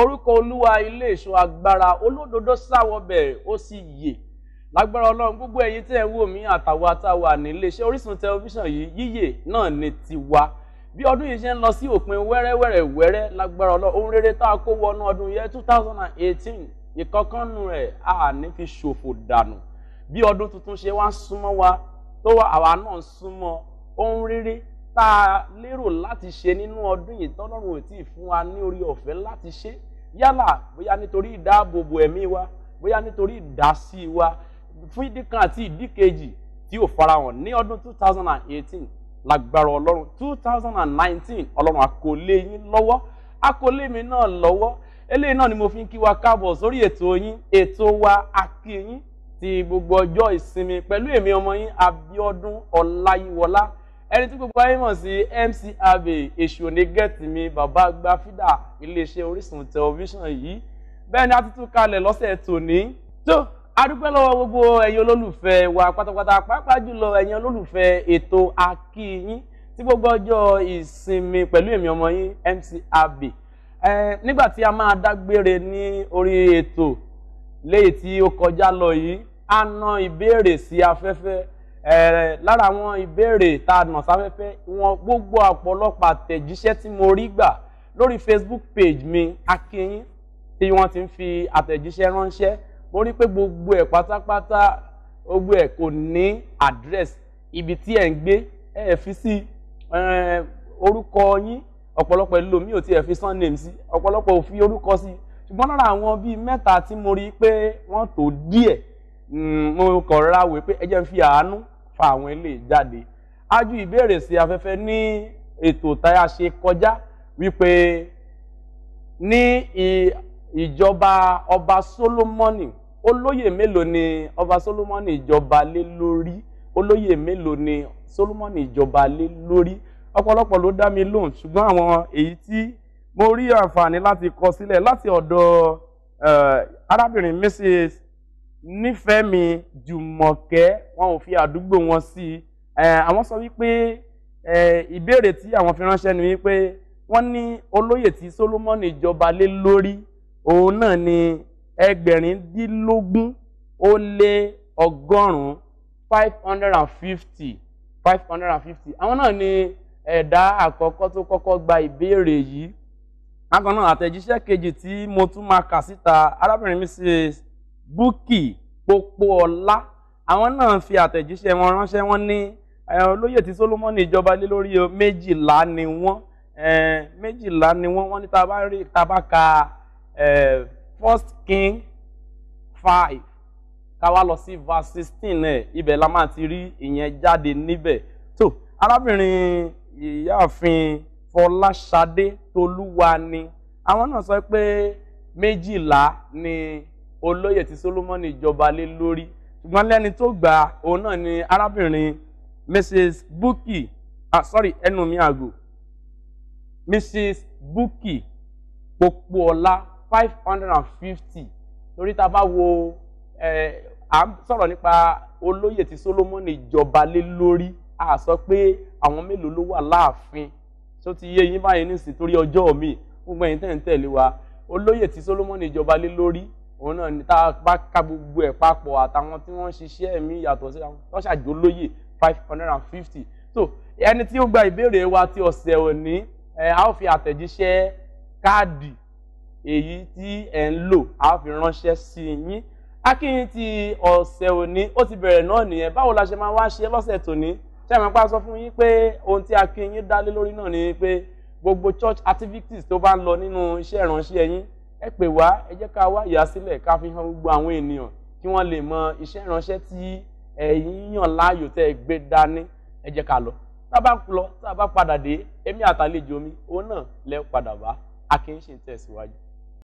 orúkọ olúwa ilé ìṣọ́ agbára olódodo sáwọ bẹ̀rẹ̀ ó sì yè lágbára ọlọ́run gbogbo ẹ̀yin tẹ́ ẹ̀ ń wò mí àtàwọn àtàwà ní iléeṣẹ́ orísun tẹlifíṣàn yìí yíyè náà ni tiwa bí ọdún yìí ṣe ń lọ sí òpin wẹ́rẹ́wẹ́rẹ́ wẹ́rẹ́ lágbára ọlọ́run ohun rere tá a kó wọnú ọdún yẹn two thousand and eighteen ìkọ̀kànnù rẹ̀ a ní fi ṣòfò dànù bí ọdún tuntun ṣe wá ń súnmọ́ wa tó wà àwa náà súnmọ́ ohun rere ta a lérò láti ṣe nínú ọdún yìí tọ́lọ́run ò tí ì fún wa ní orí ọ̀fẹ́ láti ṣe yálà bóyá nítorí ìdáàbòbò ẹ̀mí wa bóyá nítorí ìdásí wa fún ìdí kan àti ìdí kejì tí ò farahàn ní ọdún two thousand and eighteen lágbára ọlọ́run two thousand and nineteen ọlọ́run àkọlé yín lọ́wọ́ àkọlé mi náà lọ́wọ́ eléyìí náà ni mo fi ń kí wa káàbọ̀ sórí ètò yín ètò wa akínyín ti gbogbo ọjọ́ ìsinmi pẹ̀lú èmi ọmọ yín Abíọ́dún Ọláyíwọlá ẹni tí gbogbo ayé mọ̀ sí MC Abbey èṣù òní mi bàbá gba fídà iléeṣẹ́ Orísun tẹlifíṣàn yìí bẹ́ẹ̀ ni a ti tún kalẹ̀ lọ́sẹ̀ tòní. tó adúpẹ́ lọ́wọ́ gbogbo ẹ̀yin olólùfẹ́ wa pátápátá pàápàá jùlọ ẹ̀yin olólùfẹ́ ètò akíyín tí gbogbo ọjọ́ ìsinmi pẹ̀lú èmi ọmọ yín MC Abbey nígbà tí a máa dágbére ní orí ètò léyìí tí ó kọjá lọ yìí a ìbéèrè sí afẹ́fẹ́ Eh, lára àwọn ìbéèrè tá a nà sáfẹ́fẹ́ wọn gbogbo ọ̀pọ̀lọpọ̀ àtẹ̀jíṣẹ́ tí mo rí gbà lórí Facebook page mi akínyìn tí wọ́n ti ń fi àtẹ̀jíṣẹ́ ránṣẹ́ mo rí pé gbogbo ẹ̀ pátápátá gbogbo ẹ̀ kò ní address ibi tí ẹ̀ ń gbé ẹ̀ fi sí orúkọ yín ọ̀pọ̀lọpọ̀ ẹlòmíì ò tiẹ̀ fi sun name sí ọ̀pọ̀lọpọ̀ ò fi orúkọ sí ṣùgbọ́n lára àwọn bíi mẹ́ta tí mo rí pé wọ́n tó díẹ̀ mm, mo kọ̀ rárá pé ẹ jẹ́ ń fi àánú fa àwọn eléyìí jáde a ju ìbéèrè sí afẹ́fẹ́ ní ètò táyà ṣe kọjá wípé ní ìjọba ọba Solomoni olóyè mélòó ni ọba Solomoni ìjọba lé lórí olóyè mélòó ni Solomoni ìjọba lé lórí ọ̀pọ̀lọpọ̀ ló dá mi lóhùn ṣùgbọ́n àwọn èyí tí mo rí àǹfààní láti kọ sílẹ̀ láti ọ̀dọ̀ eh, arábìnrin Mrs nífẹ̀mí jùmọ̀kẹ́ wọn ò fi àdúgbò wọn sí i àwọn sọ wípé ìbéèrè tí àwọn fi ránṣẹ́ ni wípé wọ́n ní olóyè tí Solomoni jọba lé lórí òun náà ni ẹgbẹ̀rindínlógún ó lé ọgọ́rùn-ún five hundred and fifty five hundred and fifty àwọn náà ni ẹ̀dá àkọ́kọ́ tó kọ́kọ́ gba ìbéèrè yìí bákan náà àtẹ̀jíṣẹ́ kejì tí mo tún máa kà síta arábìnrin mi ṣe búkì pópóọlá àwọn náà fi àtẹ̀jíṣẹ́ wọn ránṣẹ́ wọn ní olóyè tí solomoni ìjọba lé lórí méjìlá ni wọ́n méjìlá ni wọ́n wọ́n ní tabaka first king five ká wá lọ sí verse sixteen ẹ̀ ibẹ̀ la máa ti rí ìyẹn jáde níbẹ̀ tó arábìnrin ìyáàfin fọláṣadé tolúwa ni àwọn náà sọ pé méjìlá ni olóyè tí Solomoni jọba lé lórí ṣùgbọ́n lẹ́ni tó gbà òun náà ni arábìnrin Mrs. Buki ah sorry ẹnu mi àgò Mrs. Buki Popoola five hundred and fifty torí tá bá wo à ń sọ̀rọ̀ nípa olóyè tí Solomoni jọba lé lórí a sọ pé àwọn mélòó ló wà láàfin tó ti yé yín báyìí nísìnyí torí ọjọ́ mi gbogbo ẹ̀yin tẹ̀ ń tẹ̀lé wa olóyè tí Solomoni jọba lé lórí òun náà ni tá a bá ká gbogbo ẹ̀ papọ̀ àtàwọn tí wọ́n ń ṣiṣẹ́ ẹ̀mí yàtọ̀ sí wọn ṣàjò lóye five hundred and fifty so ẹni tí ó gba ìbéèrè wa ti ọ̀sẹ̀ òní ẹ a ó fi àtẹ̀jíṣẹ́ káàdì èyí tí ẹ ń lò a ó fi ránṣẹ́ sí yín akínyìn ti ọ̀sẹ̀ òní ó ti bẹ̀rẹ̀ náà nìyẹn báwo la ṣe máa wá ṣe lọ́sẹ̀ tòní ṣé àmọ́ pa sọ fún yín pé ohun tí akínyìn dá lé lórí náà ni pé gbogbo church activities tó bá ń lọ nínú iṣẹ́ ìránṣẹ́ yín ẹ pè wá ẹ jẹ́ ká wá ìyàsílẹ̀ ká fi hàn gbogbo àwọn ènìyàn kí wọ́n lè mọ iṣẹ́ ìránṣẹ́ tí ẹ̀yin yàn láàyò tẹ́ ẹ gbé dání ẹ jẹ́ ká lọ tá a bá lọ tá a bá padà dé èmi àtàlejò mi òun náà lẹ́ padà bá Akínsìn tẹ̀síwájú.